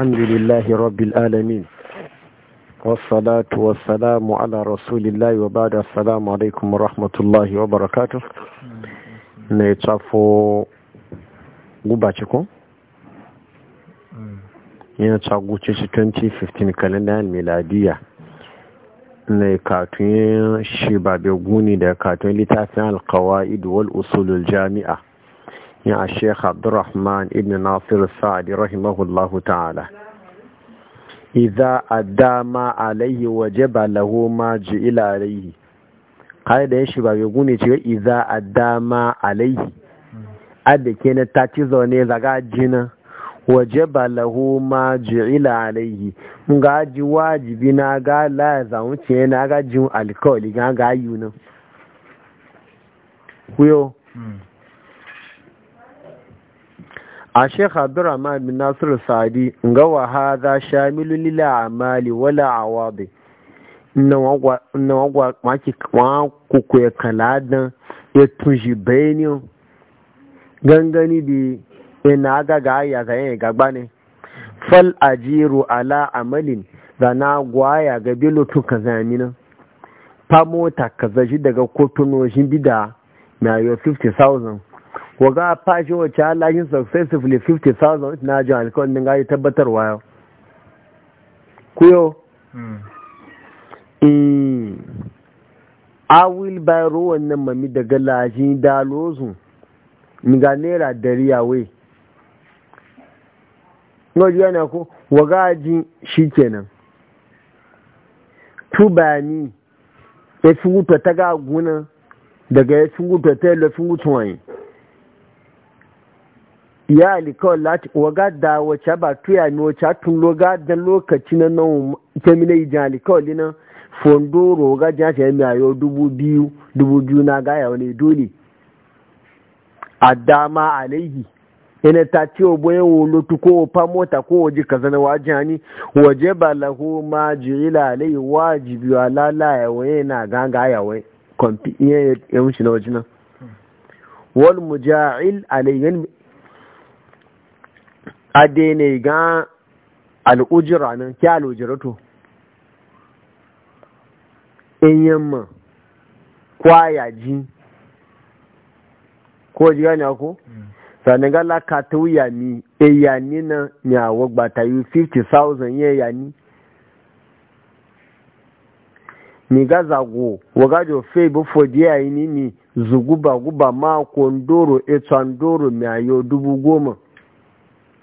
الحمد لله رب العالمين والصلاة والسلام على رسول الله وبعد السلام عليكم ورحمة الله وبركاته نتشافو غباتكم yana caguce 2015 kalendar الميلادية na katun shi babe guni da katun littafin alkawa'id wal usulul jami'a ya Sheikh Abdurrahman ibn Nasir Sa'di rahimahullahu ta'ala idza adama alayhi wajaba lahu ma ila alayhi kaida shi ba gune ce idza adama alayhi adda ta ci zaune zaga jina wajaba lahu ma ila alayhi ga ji wajibi na ga la zaunce na ga jin alkawali ga a sheikh abdurrahman bin nasir sadi ga wa haza, shamilu lil amali wala awadi na wagwa na maki kwa ku kaladan ya tunji gangani bi ina e ga ga ga yin gagba ne fal ajiru ala amalin da na ga bilo to kazamina daga kotuno shi bida na yo waga fashi wacce halayen successively 50,000 na jin alkawar din gari tabbatarwa yau kuyo a hmm. eh, will buy rowan nan mami daga lajin dalozu ga naira dari yawai ngaji yana ko waga ji shi kenan tubani ya fi wuta ta guna daga ya fi wuta ta yi lafi wutuwa yi ya alikawa lati waga da wace ba tuya mi wace tun loga dan lokaci na nan kemina ijin alikawa lina fondoro waga jan ta yami ayo dubu biyu dubu biyu na gaya wani dole a dama alaihi ina ta ce wa boye wolotu ko fa mota ko waje kaza na waje hani waje ba lahu ma jila alaihi wajibi ala la ya waye na ganga ya waye kwamfi iya ya wuce na waje na. wal muja'il alaihi ade ne ga al'ujira nan kya al'ujira to in yamma kwaya ji ko ji gani ako sannan ga lakata wuya ni eya ni na ya nyawo gbata yi 50,000 yi ya ni ni ga zago wagajo fe bufo ya yi ni ni zuguba guba ma kondoro etandoro mai ayo dubu goma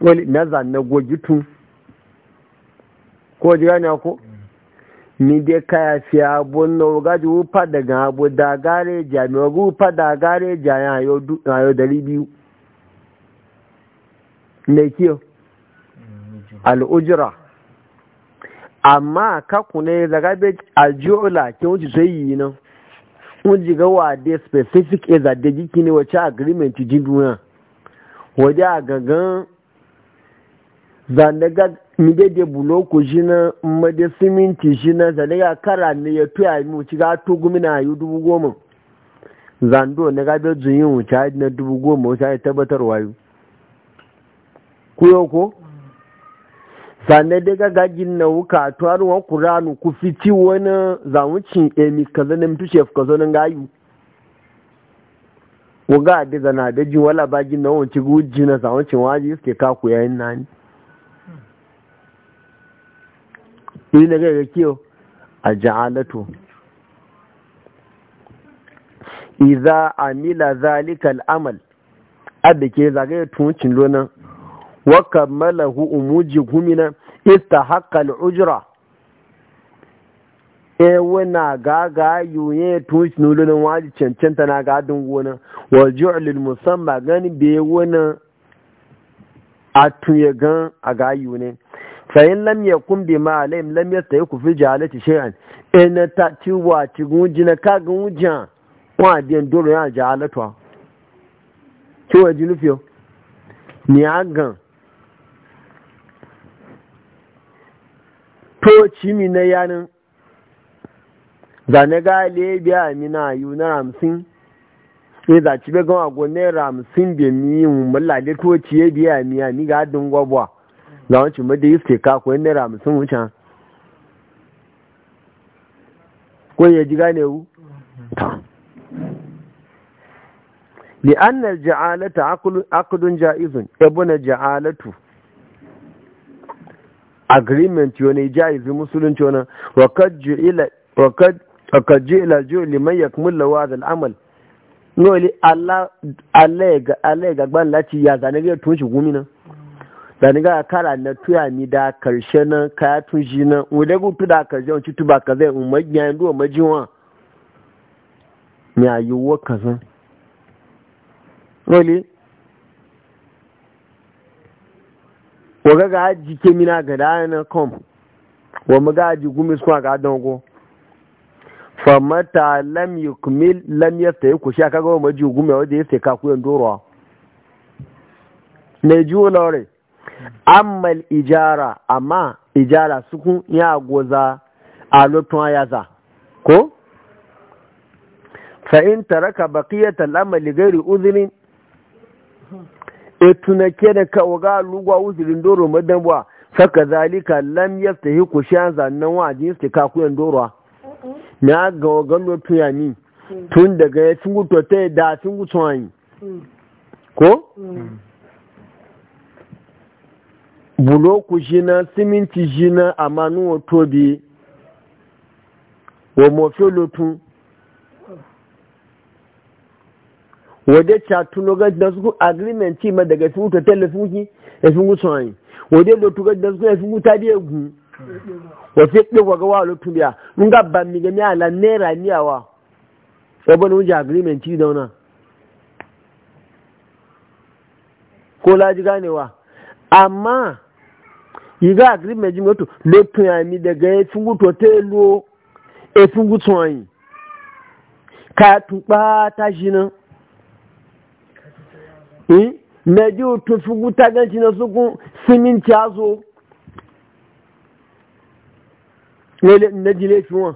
wani na gwajitu gogitu ko ji gane ko ni dai kaya fi abu na gaji wufa daga abu da gare gareja mai wufa da gare gareja ya ayo dari biyu na kiyo al'ujira amma kaku ne daga bai aljiyola ke wuce sai yi nan wuce ga wade specific is a da jiki ne wace agreement jin duniya wajen a gangan zane ga mide de buloku jina made siminti jina zane ga kara ne ya tuya mi wuci ga to gumina yi dubu goma zando ne ga be zuyi wuce a na dubu goma wuce a tabbatar wayo kuyo ko zane de ga gajin na wuka tuwaruwa kuranu ku fiti wani zamucin emi kaza ne, mutu shef kaza ga yi wuga a da zana da jin wala bagin na wanci gujina na zamucin waje suke kaku yayin nani yi na gaya kiyo a ja'alatu iza amila zalika al'amal abda ke zagaya tuncin lona wa kammalahu umuji gumina istahaqqa ujra e wana gaga yuye tuncin lona waji cancanta na gadin gona wa ju'lil musamma gani be wana a gan a gayu fayin lam ya kumbi ma alayhim lam ta yi ku fi jahalati shay'an in ta ci wa ci gunji na ka a wa biyan doro ya jahalatu ki wa jinufiyo ni agan to ci mi na yanin zane ga lebiya mina yu na ramsin ne za ci be gan ago naira ramsin bi mi mun mallale to ci biya mi ni ga dun gwabwa za wancin mada yi suke kako yin naira mutum wucin ko ya ji gane wu ta li'annar ja'alata akudun ja'izun ebuna ja'alatu agreement yana ja'izi musulunci wani wakad ji ila ji liman ya kuma lawa da al'amal noli allah ya gagban lati ya zane ga tunshi gumi nan ni ga kara na tuya ni da karshe nan kaya tun shi nan wule gutu da karshe wancin tuba ka zai umarni yayin duwa majiwa ya yi wa zan Wani waga ga haji ke mina ga da na kom wa mu ga haji gumi su ga dango famata lam yukmil lam yafta ku a kaga wa maji gumi wanda ya sai ka dorowa ne ji wa lore ammal ijara amma ijara sukun ya goza a lotun yaza ko fa'in taraka baƙiyata al'amali gari uzurin etunake da kawaga lugwa uzurin doro madanwa saka zalika lam yasta hi ku shan zannan wajin su ka kuyan dorowa na ga wagan lotun ya ni tun daga ya cin gutu ta da cin gutu mm. ko mm. buloku jina siminti jina amanu otobi wa mofiolotun wade chatun ogan da su agreement ma daga fi wuta telefin ki efin gusun ayin wade lotu ga da e su efin wuta di egun wa fi waga wa lotun biya nga ba mi ga mi ala naira ni awa ebe ni agreement ti dauna ko laji ganewa amma yiga agreement ji moto le tun ami daga efungu to te lo fungu tun e yi, ka tu pa ta jina eh meji o tun fungu ta gan jina sukun simin ti azo wele ne jile le won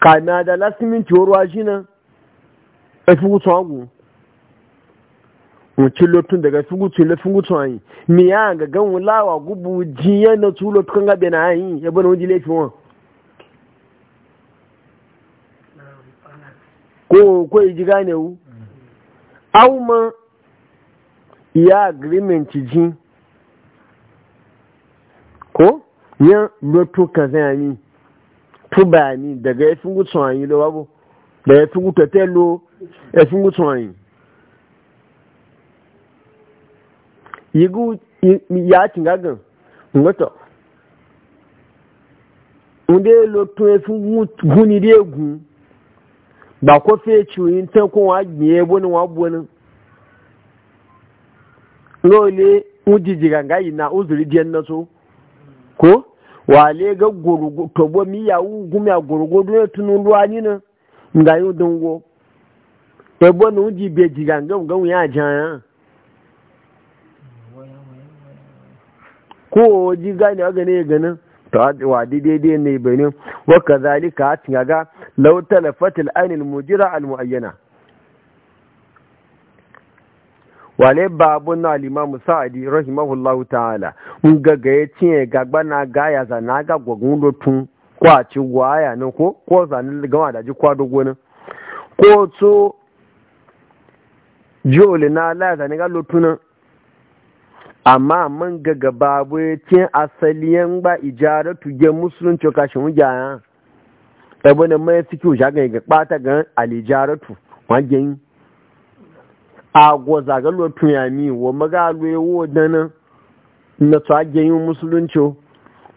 ka na da last minute o ro e fungu tun agun wuce lotun daga fungu ce na fungu tun ayi mi ya ga gan wulawa gubu jiyan na tulo tukan kan gabe na ayi ya bana wani laifin wọn ko ko ji gane wu au ma ya agreement ji ko ya lotu ka zai ayi tu bayani daga ya fungu tun ayi lo wabo da ya fungu tete lo ya fungu tun ayi yigu ya ci gagan ngoto unde lo tun efun guni de egun gba ko fe chuyin tan ko wa gbin ebo ni wa bo ni lo le ujiji ganga yi na uzuri di en so ko wa le ga gorogo to bo mi ya u gumi agorogo do tunu lo ani na nga yo dungo ebo no uji be jiganga ngan ya jan ko ji gane wa gane ganin to wa daidai ne bai ne wa kazalika hatin ga law talafatil ainil mujira al muayyana wale babu na alimamu sa'adi rahimahullahu ta'ala in gaga ya ya gagba na gaya zana ga gwagun lotun kwaci waya nan ko ko zanen gama da ji kwado gonin ko to jiole na laya zane ga lotunan amma man ga babu cin asaliyan ba ijara tuge musulunci kashin wujaya ebe na mai suke wuce ga ga ɓata ga tu wajen agwa zagalo tuyami wa magalwe wo dana na su agen yi musulunci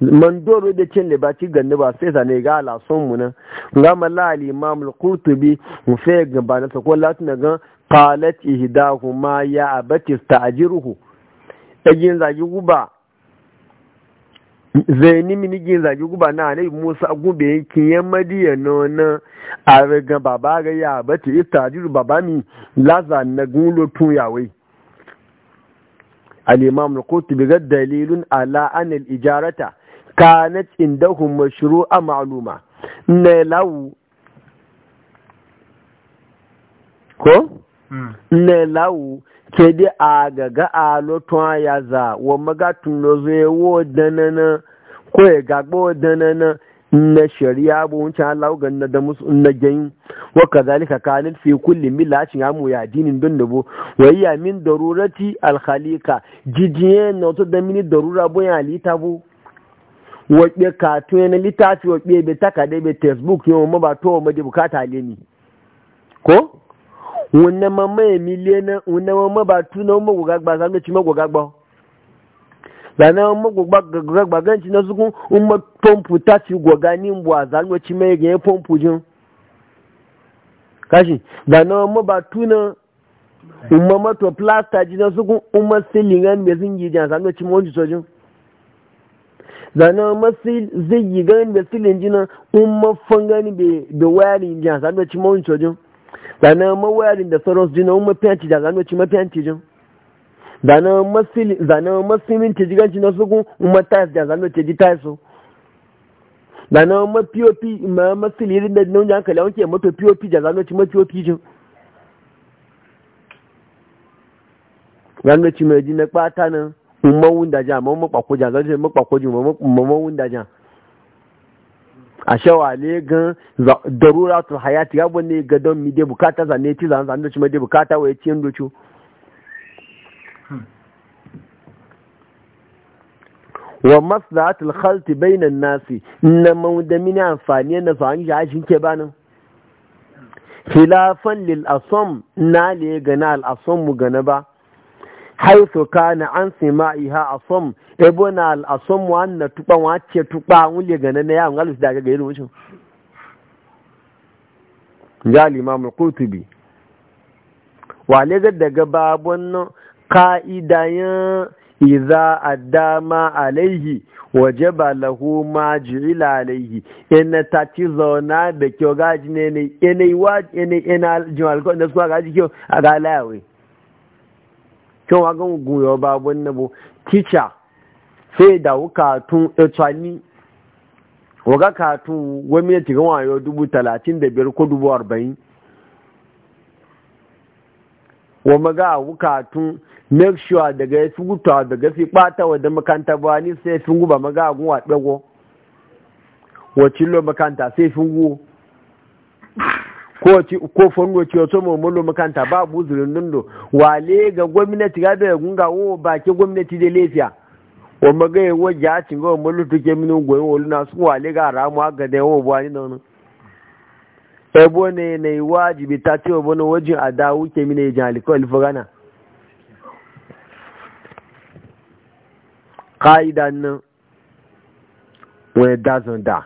man doro da cin libaci gandu ba sai zane ga alasun mu nan ga mala al-imam al-qurtubi mu ga ba na sakon latin ga qalat ma ya abati sta'jiruhu ɗagin zagi guba mini gin na ne musa gube yankin yan madiya na na a riga baba ga ya yi ita da baba mi laza na gulo tun yawai al-imam al-qurtubi ga dalilun ala an al-ijarata kanat indahum mashru'a ma'luma na lawu ko hmm. na lawu kedi a gaga a lotun ya za wa magatun na zo ya wo danana ko ya gagbo danana na shari'a bu wancan Allah ga na da musu na gen wa kazalika kanat fi kulli millatin amu ya dinin don da bo wa ya min darurati al khaliqa jijiye na to da mini darura bo ya lita bo wa be katu na litafi wa be takade be facebook yo ma ba to ma di bukata ni. wunne mamma emilie na wunne mamma ba tu na mamma gogagba zan ci mamma gogagba zane mamma gogagba gan ci na sukun umma pompu ta ci gogani mbwa zan ci mai ga pompu jin kashi zane mamma ba tu na umma mato plaster ji na sukun umma silingan me zingi jan zan ci mamma sojin zana masu wọn yi ganin da silin jina umma fangani da wayar tí mọ sanuwa cimon cojin dana mawayarin da sauransu jina wani mafiyanci da zanen ci mafiyanci jin dana na masimin ci jiganci na suku umar tayas da zanen ci ji tayasu da na mapop ma masili da nuna hankali a wanke mato pop da zanen ci mapop jin zanen ci mai ji na kpata na umar wunda jan ma makwakwajan zanen ci ma mawunda jan a ne gan darura tu hayati ya bane ga don mi dai bukata zane ti zan zan doci mai dai bukata waye ci ndo cu wa maslahatul khalt bayna an-nas na mawdamin amfani na fa ya shin ke banin khilafan lil asam na le gana al asam mu gana ba haisu kana an sima iha asom ebo na asom wa na tupa wa ce tupa un le ganan ya an galus daga ga irin wucin ya limam al-qurtubi wa le ga daga babon ka'idayan iza addama alaihi wajaba lahu ma ju'ila alaihi ina ta ci zauna da kyau gaji ne ne ina yi wa ina ina jimal ko da su gaji kyau a ga layawe kyau wa gan goyo ba wannan sai da katun etwani waga katun gwamnati ga wayo dubu talatin da biyar ko dubu arba'in wa maga wukatun make sure daga ya fi gutawa daga fi ɓata wa da makanta ba ni sai fi guba maga agun wa ɗago wa cillo makanta sai fi ko fongo ci wato mu mullo makanta ba buzurin dundo wale ga gwamnati ga da gunga wo baki gwamnati da lafiya wa maga yi wajen ya cin gawa mullo tuke mini goyi wolu na su wale ga ramu haka da yawo buwani da wani ebo ne na yi wajibi ta ce wa wani wajen a dawo ke mini ya jaliko alfagana ka'idan nan wani dazan da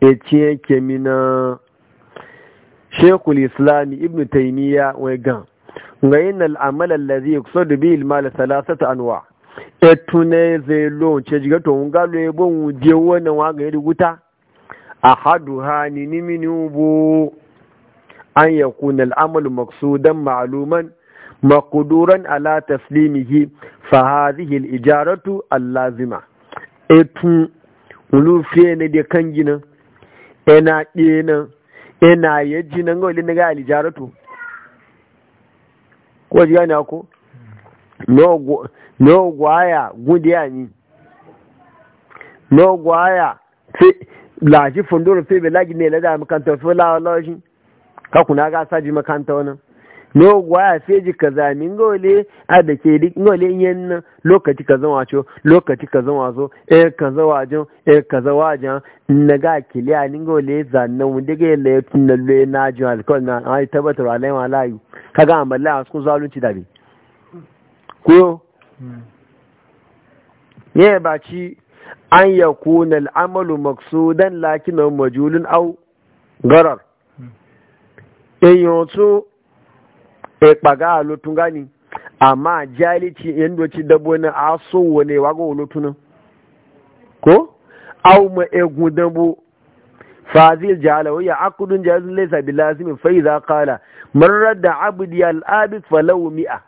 ya e ci ke mina shekul islami ibn taimiyya wai gan ga yin al'amal allazi ya kusa da bi ilmal salasata anwa etu ne zai lonce jiga to nga lo ebo wuje wannan wa ga yiri wuta ahadu ha ni ni mini ubu an yakuna al'amal maqsudan ma'luman maqduran ala taslimihi fa hadhihi al-ijaratu al-lazima etu ulu fiye ne de kangina ena ɗena ina yaji nan gawali na ga alijaratu ko ji gani ako no gwaya gudiya ni no gwaya laji fundura fi belagi ne la da makanta fi la la shi ka kuna ga saji makanta wani lo waya ji kaza min gole a da ke dik gole yen lokaci zama wacho lokaci kaza ka zawa kaza wajo e zawa wajan e na ga kiliya nin gole zanna mu diga le tun na le na ji alkol na ai tabbatar alai walayu kaga amalla su zalunci da bi ko ye ba ci an yakuna al'amalu maksudan lakinan majulun au garar eyan to e kpaga a lotun gani amma jalici yan doci dabo na aso wane wago lotun ko au ma egun dabo fazil jalawa ya akudun jahilun laisa bi lazimin fai za kala marar da abdi al'abid falawu mi'a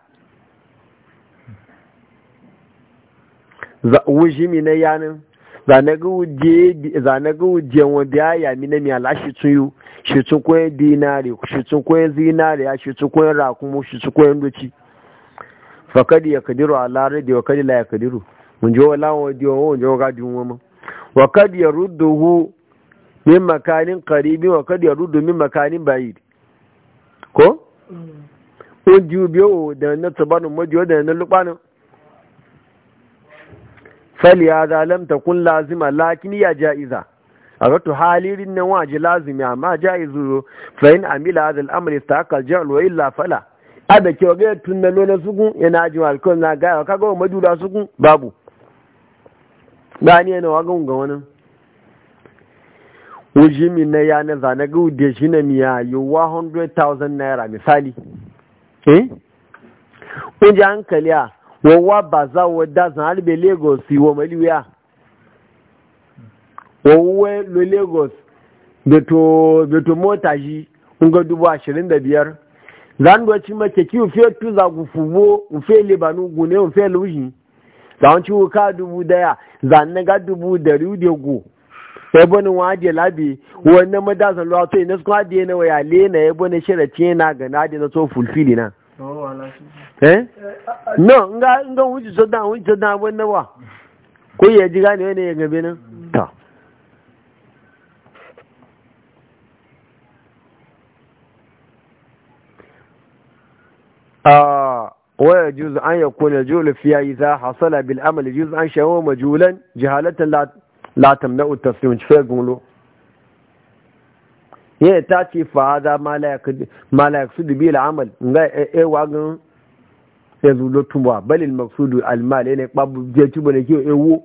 wujimi na yanin zanaga ujiyan wanda ya yami na miya la shi tun shi tun kwaye dinari shi tun kwaye zinari ya shi tun kwaye rakumu shi tun kwaye doci fakadi ya kadiru a larar da wakadi la ya kadiru mun ji wala wa diwa wa wunje waga diwa wama wakadi ya rudu hu min makanin karibi wakadi ya rudu min makanin bayi ko? Ko Ojiyu biyo da na tabanin majiyo da na lubanin fali ya zalamta kun lazima lakin ya ja'iza a rato halirin nan waje lazimi amma ja'izu fa'in amila hadal amri ta aka ja'al wa illa fala ada ke ga tun na lona sukun yana ajin alkawar na gaya ga wa majuda sugun babu gani yana wa gunga wani min na na zana ga wude shi na miya yi 100,000 naira misali eh? Kunji hankali a wọ́n wá bàzá wọ́n dázàn alìbẹ̀ lagos ìwọ̀n mẹ́lìwíà wọ́n wẹ́ lọ lagos beto mota yìí nga dubu ashirin da biyar zan da ci mace ki ufe tuza ku fubo ufe libanu gune ufe lushi zan ci ka dubu daya zan na ga dubu dari ude go e ebe ni wa je labi wannan madazan lwa to ina su ka de na waya le na ebe ne e shirati na ga na de na so fulfili na eh no nga nga wuji so da wuji so da wannan wa ko ya ji gane wani ya gabe nan mm. ta a ah, waya juz an yakuna julu fiya idza hasala bil amal juz an shawa majulan jahalatan la la tamna'u taslim fa gulu ya ta ce fa'aza malayak su dubi al'amal ga ewa e gan ya e zulo tumuwa balil maksudu almal ya e ne kpabu je tuba ne ewu wawal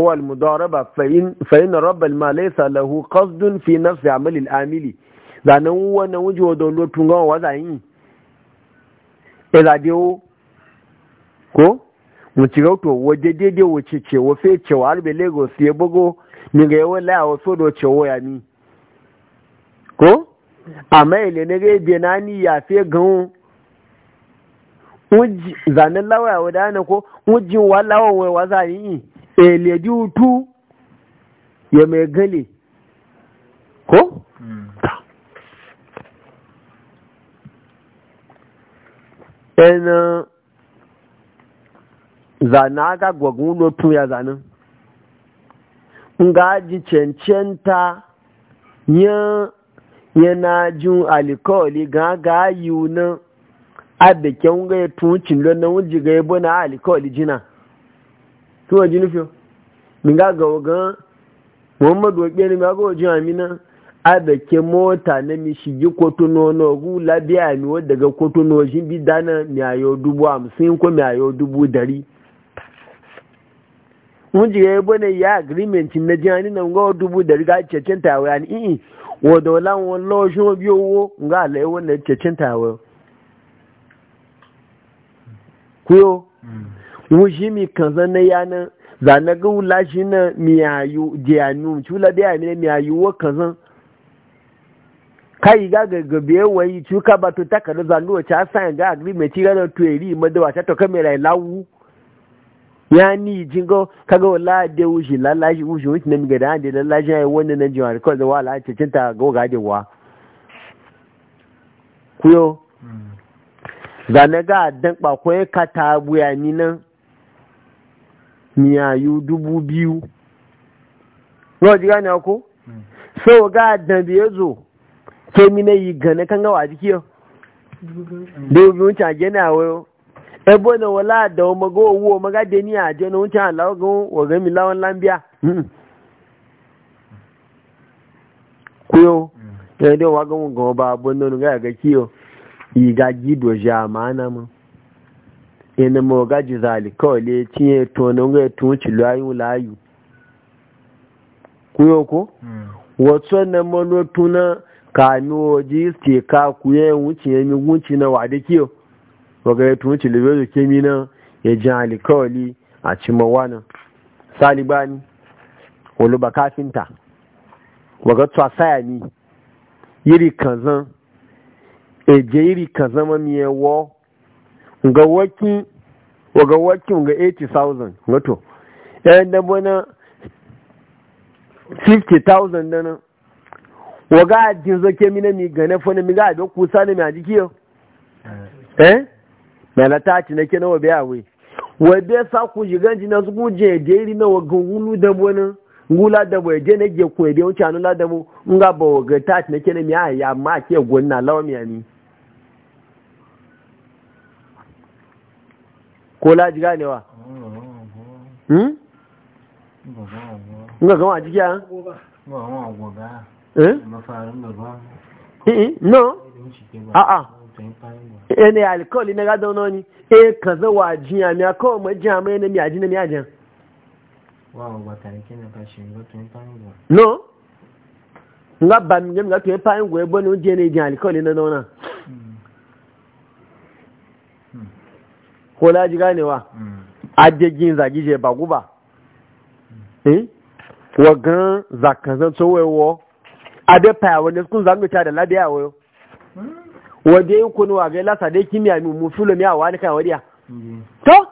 wawa almudaraba fa'in rabba almalai salahu qasdun fi nafsi amalil amili zanen wannan wuce wa don lotun gawa waza yi iladewo ko mu ci gauto waje daidai wace ce wafe cewa harbe lagos ya bugo ni ga yawon laya wasu da cewa ya ni ko amma ile ne ga ibe na ni ya fe gan wuji zanen lawaya wadana ko wuji wa lawan wai wa za yi ele di hutu ya mai gale ko ɗan zana aga gwagun lotu ya zanen ngaji cancanta yin yana jun alikawali ga ga yi na abikin ga ya tuncin lona wujji ga ya bana alikawali jina tuwa ji nufi min ga ga waga muhammadu wakil ne ga wajen amina adake mota na mi shigi kotuno na ogu labiya mi wadda ga kotuno shi bi dana mi ayo dubu hamsin ko mi ayo dubu dari wujji ga ya bana ya agreement na jihani na ga dubu dari ga cancanta wa yani wọ̀dọ̀ láwọn lọ́ṣọ́ bí owó ńgá àlẹ́ owó lẹ́ tẹ̀kín tàwẹ̀ kúrò wọ́n ṣí mi na yana zanagin wulashi na miyayu jiyanu cula da yami na miyayu wa kai ga gagabe wai cuka ba to ga agreement ga da to eri ta to ya ni jingo kaga wala de wushi lalashi wushi wushi na miga da hande lalashi ya wannan na jiwa kawai da wala ce cinta ga waga wa kuyo hmm. zane ga dan kwakwai ka ta buya ni nan miyayu dubu biyu nawa ji gane ko hmm. so ga dan biye zo ke mina yi gane kan gawa jikiyo dubu biyu ta gina wayo ebo na wala da o mago owo maga de ni aje no ncha lawo gun wo ga mi lawon lambia kuyo mm. ya de wa gun gun ba bo no ga ga kiyo i ga ji do ja mana mu ina mo ga ji zali ko le tiye to no ga tun ci layu layu kuyo ko mm. wato na mo lo tuna kanu ji ste ka kuye wuce mi wuce na wa de kiyo waga ya tuni cilibezu kemi nan ya ji alikawali a cimawa nan salibani oluba kafinta waga saya ni yiri kazan eje yiri kazan mamiyewo ga waki waga waki ga 80,000 wato yayin da na 50,000 dana waga jin zoke mina mi gane fana mi ga abin kusa mi mai jikiyo eh, eh? na na ta ci na kina wa biya we wa biya sa ku ji na su guje je iri na waga gungulu da wani ngula da wa je na ge ku de wancan la da mu nga ba wa ga ta ci na kina mi ya ma ke gonna lawa mi ani ko la ji ganewa hmm nga gama jiki an eh no a'a ene eh, alkoli na gada ni e eh, ka za zawa jiya mi a kawo ma jiya mai ne mi a jina mi a jiya no nga ba mi jẹ mi ka tun ye pa ngwe bọ ni o jẹ ne jiya alkoli na nona hmm. ko laji ganewa hmm. adegin zagi je ba guba hmm. eh? wa gan zakan zan tsowewo ade pa wani sun zango ta da ladiya wayo wade yi kunu wa gaila sadai kimiyya mu musulo miya wani kan wariya mhm. to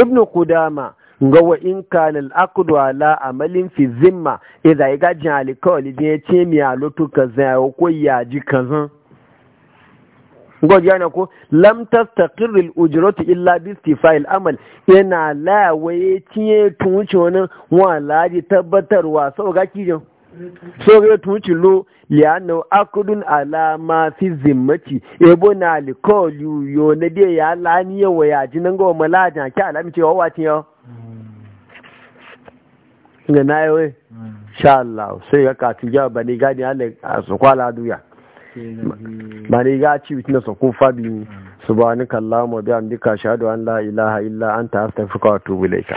ibn kudama ga wa in kana al-aqdu ala amalin fi zimma idza yaga jali kawli je ce miya kazan ya kwayya ji kazan gwaji yana ko lam tastaqirrul ujratu illa bi istifa'il amal yana la waye tiye tunci wani walaji tabbatarwa sau ga kijin so ga tunci lo liyano akudun alama fi zimmati ebo na alikolu yo na dai ya lani yawa ya ji nan ga malajan ki alami wa wacin yau ga na yawai hmm. sha Allah sai ya katu ya bani gani Allah a su kwala duya ba ne ga ci bitin da su ko fabi su ba ni kallama biya amdika shahadu an la ilaha illa an ta astaghfiruka wa atubu ilaika